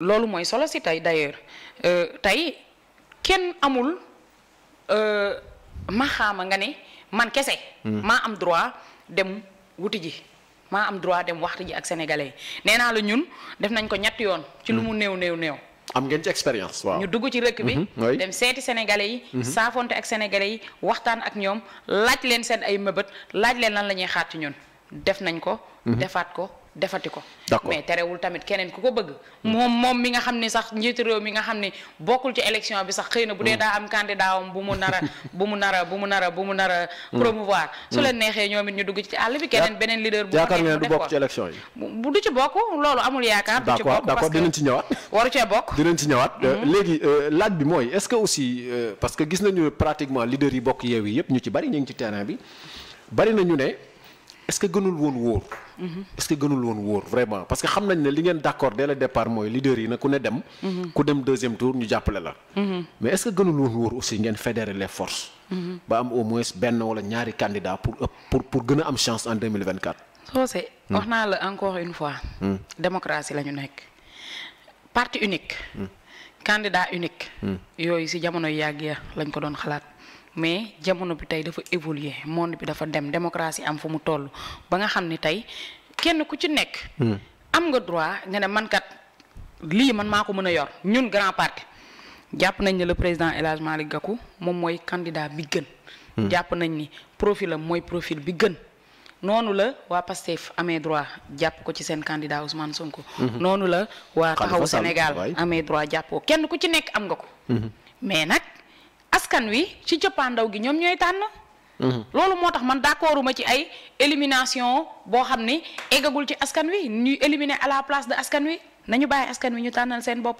loolu mooy solo si tey d'ailleurs euh, tey kenn amul euh, maxaama nga ne man kese. Hmm. maa am droit dem wuti ji maa am droit dem waxtu ji ak sénégalais yi nee naa la ñun def nañ ko ñetti yoon. ci lu hmm. mu néew néew néew. am ngeen ci expérience waaw ñu dugg ci rëkk bi hmm, dem seeti sénégalais yi saafonte ak sénégalais yi waxtaan ak ñoom laaj leen seen ay mëbët laaj leen lan la ñuy xaar ci ñun def nañ ko defaat ko defati ko mais terewul tamit keneen ku ko bëgg moom moom mi nga xam ne sax njiitu réew mi nga xam ne bokkul ci élection bi sax xëy na bu dee mm. daa am candidat am bu mu nar a bu mu nar bu mu nar a bu mu nar mm. promouvoir su leen mm. neexee ñoom it ñu dugg ci àll bi keneen beneen leader bu yaakaar du bokk ci élection yi bu du ci bokk loolu amul yaakaar du ci bokk d'accord dinañ ci ñëwaat waru cee bokk dinañ ci ñëwaat euh, mm-hmm. léegi euh, laaj bi mooy est-ce que aussi euh, parce que gis nañu pratiquement leader bokk yeew yi yëpp ñu ci bari ñu ngi ci terrain bi bari nañu est-ce que gënul woon wóor. Mhm. est parce que xam nañ ne li ngeen d'accord dès le départ mooy leader yi na ku ne dem. Mhm. ku dem tour ñu jàppale la. Mhm. mais est-ce gënul woon wóor aussi ngeen fédérer les forces. ba am au moins benn wala ñaari candidat pour pour pour gën a am chance en deux mille vingt quatre. Socé hmm. wax naa la encore une fois. Hmm. démocratie la ñu nekk parti unique. Hmm. candidat unique. yooyu ci jamono yàgg ya lañ ko doon xalaat. mais jamono bi tey dafa évoluer monde bi dafa dem démocratie am fu mu toll ba nga xam ni tey kenn ku ci nekk. Hmm. am nga droit nga ne man lii man maa ko mën a yor ñun grand parti jàpp nañ ne le président El Hadj Malick moom mooy candidat bi gën. Hmm. jàpp nañ ni profil am mooy profil bi gën. noonu la waa Pastef amee droit jàpp ko ci seen candidat Ousmane Sonko. Hmm. noonu la waa taxaw Sénégal amee droit jàpp kenn ku ci nekk am nga ko. mais nag. askan wi ci jëppaandaw gi ñoom ñooy tànn. Mhm. loolu moo tax man d'accorduma ci ay élimination boo xam ni eggagul ci askan wi ñuy éliminer à la place de askan wi nañu bàyyi askan wi ñu tànnal seen bopp.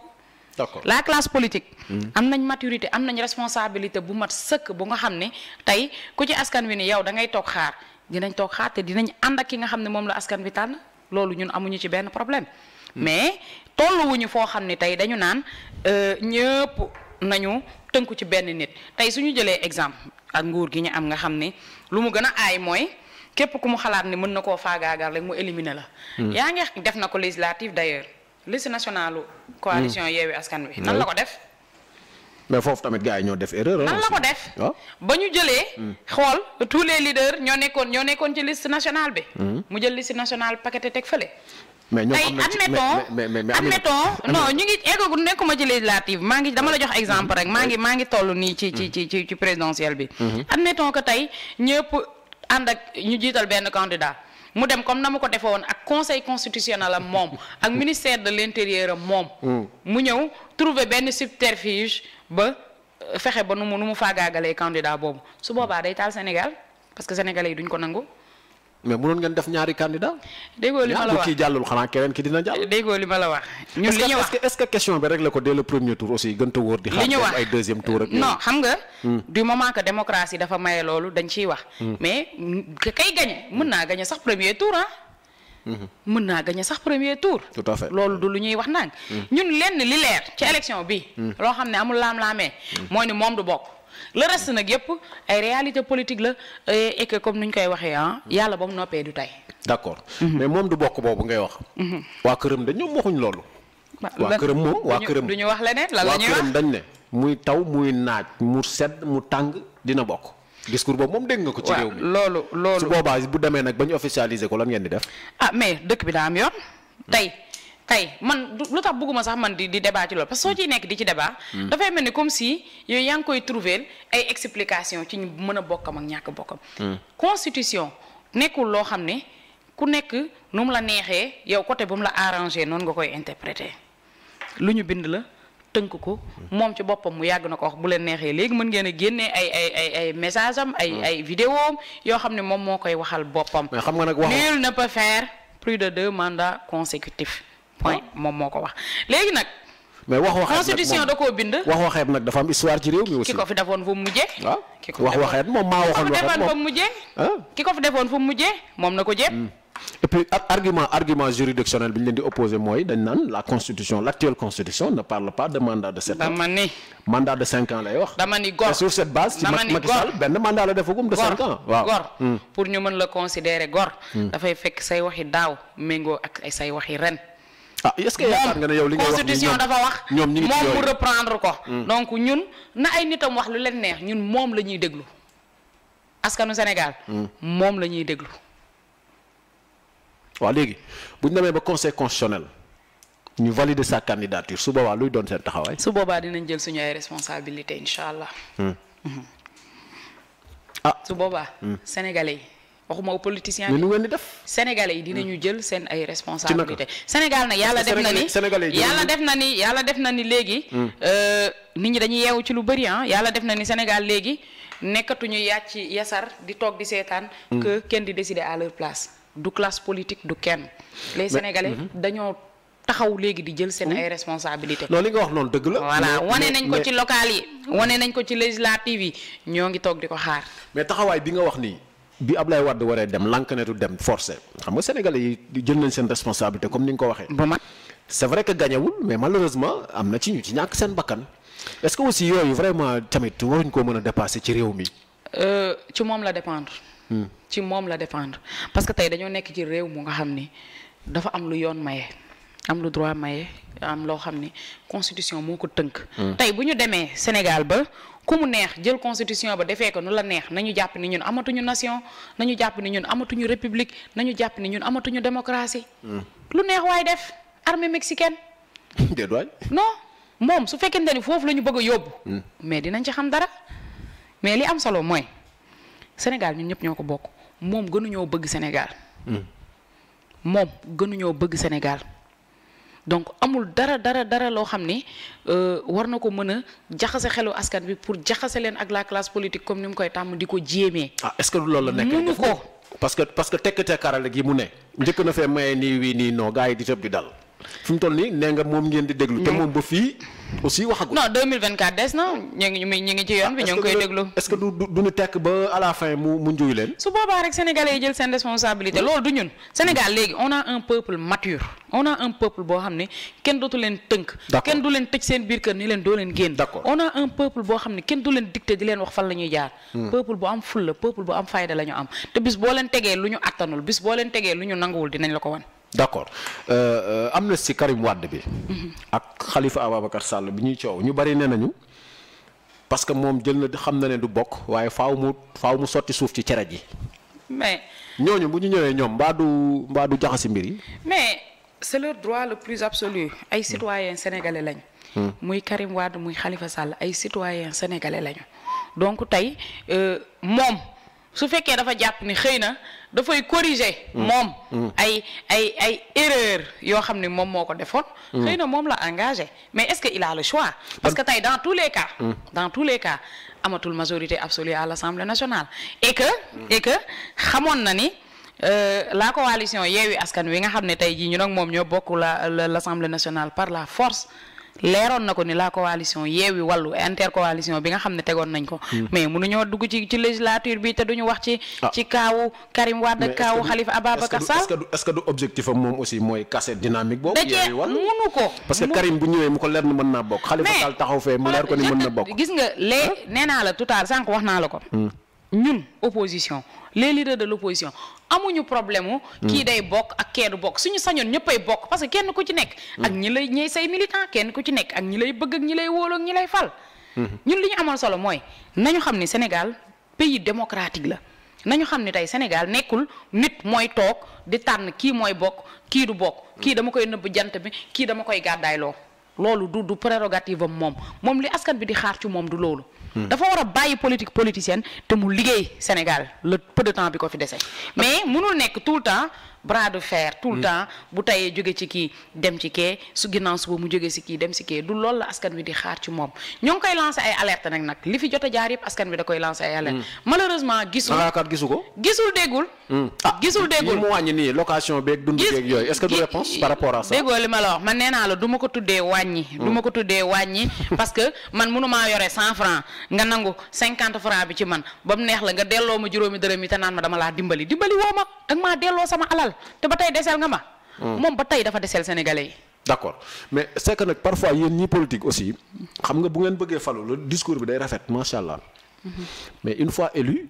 d'accord la classe politique. Mhm. am nañ maturité am nañ responsabilité bu mat sëkk bu nga xam ne tey ku ci askan wi ni yow da ngay toog xaar dinañ toog xaar te dinañ ànd ak ki nga xam ne moom la askan wi tànn loolu ñun amuñu ci benn problème. Mhm. mais tolluwuñu foo xam ne tey naan euh, ñëpp. nañu tënku ci benn nit tey suñu jëlee exemple ak nguur gi ñu am nga xam ne lu mu gën a aay mooy képp ku mu xalaat ni mën na koo faagaagal rek mu éliminer la hmm. yaa ngi def na ko législative d'ailleurs liste nationalu coalition hmm. Yewwi Askan Wi hmm. nan la ko def mais foofu tamit gars yi ñoo def erreur. nan la ah. ba ñu jëlee. xool tous les leaders ñoo nekkoon ñoo nekkoon ci liste bi. mu jël liste national paquet teg fële. mais ñoom am nañ ci mais mais mais admettons non ñu ngi eggagul nekkuma ci législative maa ngi dama la jox exemple mhm. rek maa ngi maa ngi toll nii ci ci mhm. ci ci présidentielle bi. Mhm. admettons que tey ñëpp ànd ak ñu jiital benn candidat. mu dem comme na mu ko defee woon ak conseil constitutionnel am moom ak ministère de l' intérieur am moom. Mm. mu ñëw trouver benn subterfuge ba euh, fexe ba nu mu nu mu faagaagalee candidat boobu su boobaa day taal Sénégal parce que sénégalais yi duñ ko nangu. mais mënoon ngeen def ñaari candidat déggoo li ma la wax kii li ma la wax. ñun li ñu wax est ce que question bi rek la ko dès le premier tour aussi gën a wóor di. li ñu wax ay deuxième tour ak non xam nga. Hmm. du moment que démocratie dafa maye loolu dañ ciy wax. Hmm. mais kay gagné mën naa gagné sax premier tour ah. Hmm. mën naa gagné sax premier tour. tout à loolu du lu ñuy wax naan. ñun lenn li leer ci élection bi. loo xam ne amul laam-laamee. mooy ni moom du bokk. le reste nag yëpp ay réalité politique la euh, et comme ni ñu koy waxee ah yàlla ba mu noppee du tey. d'accord mhm. mais moom du bokk boobu ngay wax. Mhm. waa këram dañ ñoom waxuñ loolu. waa këram moom waa këram du ñu wax leneen la ñuy wax dañ ne. muy taw muy naaj mu sedd mu tàng dina bokk. discours boobu moom dégg nga ko ci réew mi loolu loolu. su boobaa bu demee nag ba ñu officialiser ko lan ngeen di def. ah mais dëkk bi daa am yoon tey. tey man lu tax bëgguma sax man di di débat ci loolu parce que soo ciy nekk di ci débat. Mm. dafay mel ni comme si yooyu yaa ngi koy trouver ay explication ci ñu mën a bokkam ak ñàkk bokkam. Mm. constitution nekkul loo xam ne ku nekk nu mu la neexee yow côté bu mu la arrangé noonu nga koy interpréter lu ñu bind la. tënk ko moom ci boppam mu yàgg na ko wax bu leen neexee léegi mën ngeen a ay ay ay ay am ay mm. ay vidéo yoo xam ne moom moo koy waxal boppam. mais xam nga nag waxul point moom moo ko wax léegi nag. mais wax waxeet constitution da koo bind. wax waxeet nag dafa am histoire ci réew mi aussi. ki ko fi defoon fu mu mujjee. waaw ah, ki ko wax waxeet moom maa waxoon waxeet moom ah. ki defoon fu mujjee moom na ko jéem. Hmm. et puis argument argument juridictionnel bi ñu leen di opposé mooy dañ naan la constitution l' actuelle constitution ne parle pas de mandat de sept ans. dama ni mandat cinq ans lay wax. dama ni gor sur cette base. dama ni benn mandat de cinq ans. gor hmm. pour ñu mën la considérer gor. Hmm. dafay fekk say waxi daaw méngoo ak say waxi ren. ah est que yaakaar nga ne yow li nga wax constitution dafa wax ñoom moom mu reprendre ko. Hmm. donc ñun na ay nitam wax lu leen neex ñun moom la ñuy déglu askanu Sénégal. Hmm. moom la ñuy déglu. waaw léegi bu ñu demee ba conseil constitutionnel ñu valider sa candidature su boobaa luy doon seen taxawaay. su boobaa dinañ jël suñu ay responsabilités incha allah. Hmm. ah su boobaa. sénégalais waxuma wu politicien bi lu ngeen di def sénégalais yi ah. dina ñu jël seen ay responsabilité sénégal nag yàlla def na ni yàlla def na ni yàlla def na ni léegi hmm. euh, nit ñi dañuy yeewu ci lu bëri ah yàlla def na ni sénégal léegi nekkatuñu yàcc yasar di toog di seetaan hmm. que kenn di décider à leur place du classe politique du kenn les sénégalais mhm. dañoo taxaw léegi di jël seen hmm. ay responsabilité loolu li nga wax noonu dëgg la voilà wane nañ ko ci local yi wane nañ ko ci législative yi ñoo ngi toog di ko xaar mais taxawaay bi nga wax nii bi Ablaye Wade waree dem lànk netu dem forcé xam nga sénégalais yi jël nañ seen responsabilité comme ni nga ko waxee. ba mat c'est vrai que gañewul mais malheureusement am na ci ñu ñàkk seen bakkan est-ce que aussi yooyu vraiment tamit waruñ koo mën a dépasser ci réew mi. Euh, ci moom la dépendre. Hmm. ci moom la dépendre parce que tey dañoo nekk ci réew mu nga xam ni dafa am lu yoon maye am lu droit maye am loo xam ni constitution moo ko tënk. Hmm. tey bu ñu demee Sénégal ba. ku mu neex jël constitution ba defee ko nu la neex nañu jàpp ni ñun amatuñu nation nañu jàpp ni ñun amatuñu république nañu jàpp ni ñun amatuñu démocratie. Hmm. lu neex waay def armée mexicaine. déet waay non moom su fekkente ni foofu lañu bëgg a yóbbu. Hmm. mais dinañ ci xam dara mais li am solo mooy Sénégal ñun ñëpp ñoo ko bokk moom gënuñoo bëgg Sénégal. Hmm. moom gënuñoo bëgg Sénégal. donc amul dara dara dara loo xam ni euh, war na ko mën a jaxase xelu askan bi pour jaxase leen ak la classe politique comme ni mu koy tàmm di ko jéemee. ah est-ce que loolu la nekk mënu ko. parce que parce que tekk tekkaarale gi mu ne. njëkk na fee maye nii wii nii non gars yi di tëb di dal. fi mu toll nii nee nga moom ngeen di déglu. te moom ba fii aussi waxagul. non 2024 des na ñu ngi ñu ngi ci yoon bi ah, ñu koy déglu. est-ce que du du ñu tekk ba à la mu mu leen. su boobaa rek sénégalais yi jël seen responsabilité loolu du ñun Sénégal léegi on a un peuple mature on a un peuple boo xam ne kenn dootu leen tënk. kenn du leen tëj seen biir kër ni leen doo leen génn. on a un peuple boo xam ne kenn du leen dicté di leen wax fan la ñuy jaar. Hmm. peuple bu am fulla peuple ñu am te bis boo lu ñu attanul bis boo leen tegee lu dinañ la ko d' accord euh, euh, amnistie Karim wadd bi. Mm-hmm. ak xalifa Ababacar Sall bi ñuy coow ñu bari nee nañu parce que moom jël na xam na ne du bokk waaye faaw mu faaw mu sotti suuf ci cere ji. mais ñooñu bu ñu ñëwee ñoom mbaa du mbaa du jaxasi mbir yi. mais c' le droit le plus absolu ay citoyens sénégalais lañu. Hmm. muy Karim Wade muy xalifa sàll ay citoyens sénégalais lañu donc tey euh, moom. su fekkee dafa jàpp ni xëy na dafay corriger. Mm. moom mm. ay ay ay erreur yoo xam ne moom moo ko defoon. Mm. xëy na moom la engagé mais est-ce que il a le choix. parce que tey dans tous les cas. dans tout les cas amatul majorité absolue à l'Assemblée nationale. et que et que xamoon na ni. Euh, la coalition Yewwi Askan Wi nga xam ne tey jii ñu nag moom ñoo bokk la l'Assemblée nationale par la force. leeroon na ko ni la coalition Yewwi Wallu intercoalition bi nga xam ne tegoon nañ ko. Hmm. mais mënuñoo dugg ci ci législature bi te du ñu wax ci. Ah. ci kaawu Karim Wade kaawu Khalifa Ababacar Sall. est-ce que est-ce du objectif am moom aussi mooy casser dynamique boobu. Yewwi Wallu mënu ko. parce que Karim bu ñëwee mu ko leer ni mën naa bokk. Khalifa Sall taxaw fee mu leer ko ni mën na bokk. gis nga lee nee naa la tout à l'heure sànq wax naa la ko. Hmm. ñun opposition. les leaders de l'opposition amuñu problème mu hmm. kii dey bokk ak kee du bokk suñu sañoon ñëppay bokk parce que kenn ku ci nekk hmm. ak ñi lay ñey say militant kenn ku ci nekk ak ñi lay bëgg ak ñi lay wóolu ak ñi lay fal hmm. ñun li ñu amal solo mooy nañu xam ni Sénégal pays démocratique la nañu xam ne tey Sénégal nekkul nit mooy toog di tànn kii mooy bokk kii du bokk kii dama koy nëbb jant bi kii dama koy gàddaayloo loolu du du prérogative am moom moom li askan bi di xaar ci moom du loolu Hmm. dafa war a bàyyi politique politicienne te mu liggéey Sénégal le peu de temps bi ko fi dese mais munul nekk tout le temps bras de fer tout le mm. temps bu tayee jóge ci kii dem ci kee su ginnaaw suba mu jóge si kii dem si kee du lool la askan wi di xaar ci moom ñoo ngi koy lancé ay alerte nag nag li fi jot a jaar yëpp askan wi da koy lancé ay alerte mm. malheureusement gisul malaakaat gisu ko gisul déggul mm. ah gisul déggul mu wàññi nii location beeg dund beeg yooyu est-ce que du réponse par rapport à ça la wax man nee naa la ko tuddee wàññi du ma ko tuddee wàññi parce que man mënumaa yore cent franc nga nangu cinquante franc bi ci man ba mu neex la nga delloo ma juróomi dërëm yi te naan ma dama laa dimbali dimbali woo maa delloo sama alal te ba tey deseel nga ma. Hmm. moom ba tey dafa deseel sénégalais yi. d' mais c' est que nag parfois yéen ñi politique aussi xam nga bu ngeen bëggee falu le discours bi day rafet macha allah. Mhm. mais une fois élu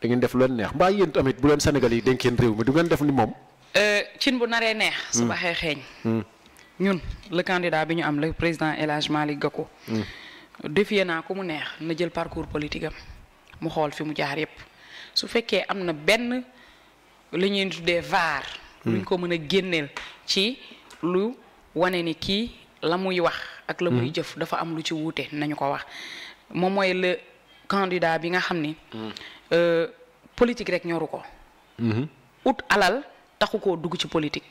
da def lu leen neex mbaa yéen tamit bu leen sénégalais yi dénkeen réew mi du ngeen def ni moom. Euh, cin bu naree neex. Hmm. su baxee xeeñ. Hmm. ñun le candidat bi ñu am le président élagement Hadj Malick Gakou. défier naa ku mu neex na jël parcours politique am mu xool fi mu jaar yépp su fekkee am na benn. li ñu tuddee vaar. Hmm. luñ ko mën a génneel ci lu wane ni kii la muy wax. ak la muy hmm. jëf dafa am lu ci wuute nañu ko wax moom mooy le candidat bi nga xam ni. Hmm. Euh, politique rek ñoru ko. ut alal taxu koo dugg ci politique.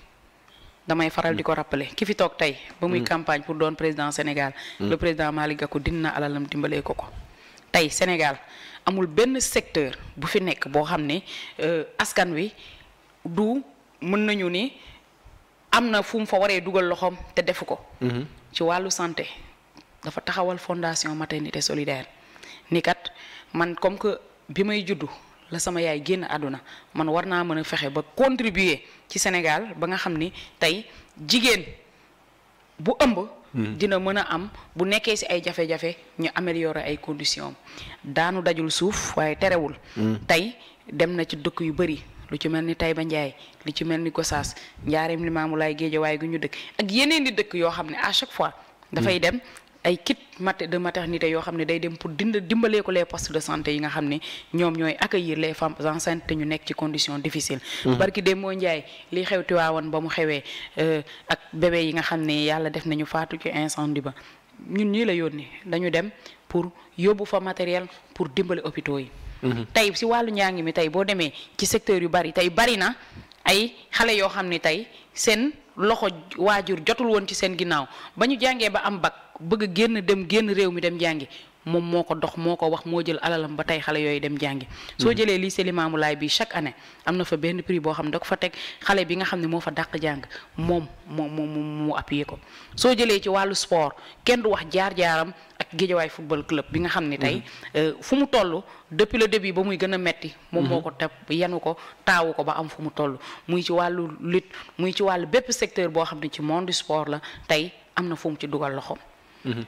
damay faral di ko rappeler ki fi toog tey. ba muy campagne pour doon président Sénégal. le président Malick Gakou na alalam dimbalee ko ko. tey Sénégal amul benn secteur bu fi nekk boo xam ne euh, askan wi du mën nañu ni am na fu mu fa waree dugal loxoom te defu ko. Mm-hmm. ci wàllu santé dafa taxawal fondation maternité solidaire ni kat man comme que bi may juddu la sama yaay génn àdduna man war naa mën a fexe ba contribuer ci Sénégal ba nga xam ni tey jigéen bu ëmb. Mm-hmm. dina mën a am bu nekkee si ay jafe-jafe ñu améliorer ay conditions daanu dajul suuf waaye terewul. Mm-hmm. tey dem na ci dëkk yu bëri lu ci mel ni ba Ndiaye lu ci mel ni Gossas Njaareem Limaamulaay waaye gu ñu dëkk ak yeneen di dëkk yoo xam ne à chaque fois. dafay mm-hmm. dem ay kit mat de maternité yoo xam ne day dem pour dind dimbalee ko les postes de santé yi nga xam ne ñoom ñooy accueillir les femmes enceintes te ñu nekk ci condition difficile mhm. barki dem moo njaay li xew Tiwaawan ba mu xewee euh, ak bébé yi nga xam ne yàlla def nañu faatu ci incendie ba ñun ñii la yónni dañu dem pour yóbbu fa matériel pour dimbale hôpitaux yi mhm. tey si wàllu njàng mi tey boo demee ci secteur yu bari tey bari na ay xale yoo xam ni tey seen loxo waajur jotul woon ci seen ginnaaw ba ñu jàngee ba am bac bëgg a génn dem génn réew mi dem jàngi moom moo ko dox moo ko wax moo jël alalam ba tey xale yooyu dem jàngi soo mm-hmm. jëlee lycée Limamou Laye bii chaque année am na fa benn prix boo xam ne da ko teg xale bi nga xam ne moo fa dàq jàng moom moo moom mu appuyé ko soo jëlee ci wàllu sport kenn du wax jaar-jaaram ak Guédiawaye football club bi nga xam ne tey mm-hmm. euh, fu mu toll depuis le début ba muy gën a metti moom moo mm-hmm. ko teb yenu ko taawu ko ba am fu mu toll muy ci wàllu lutte muy ci wàllu bépp secteur boo xam ne ci monde sport la tey am na fu ci dugal loxoom nit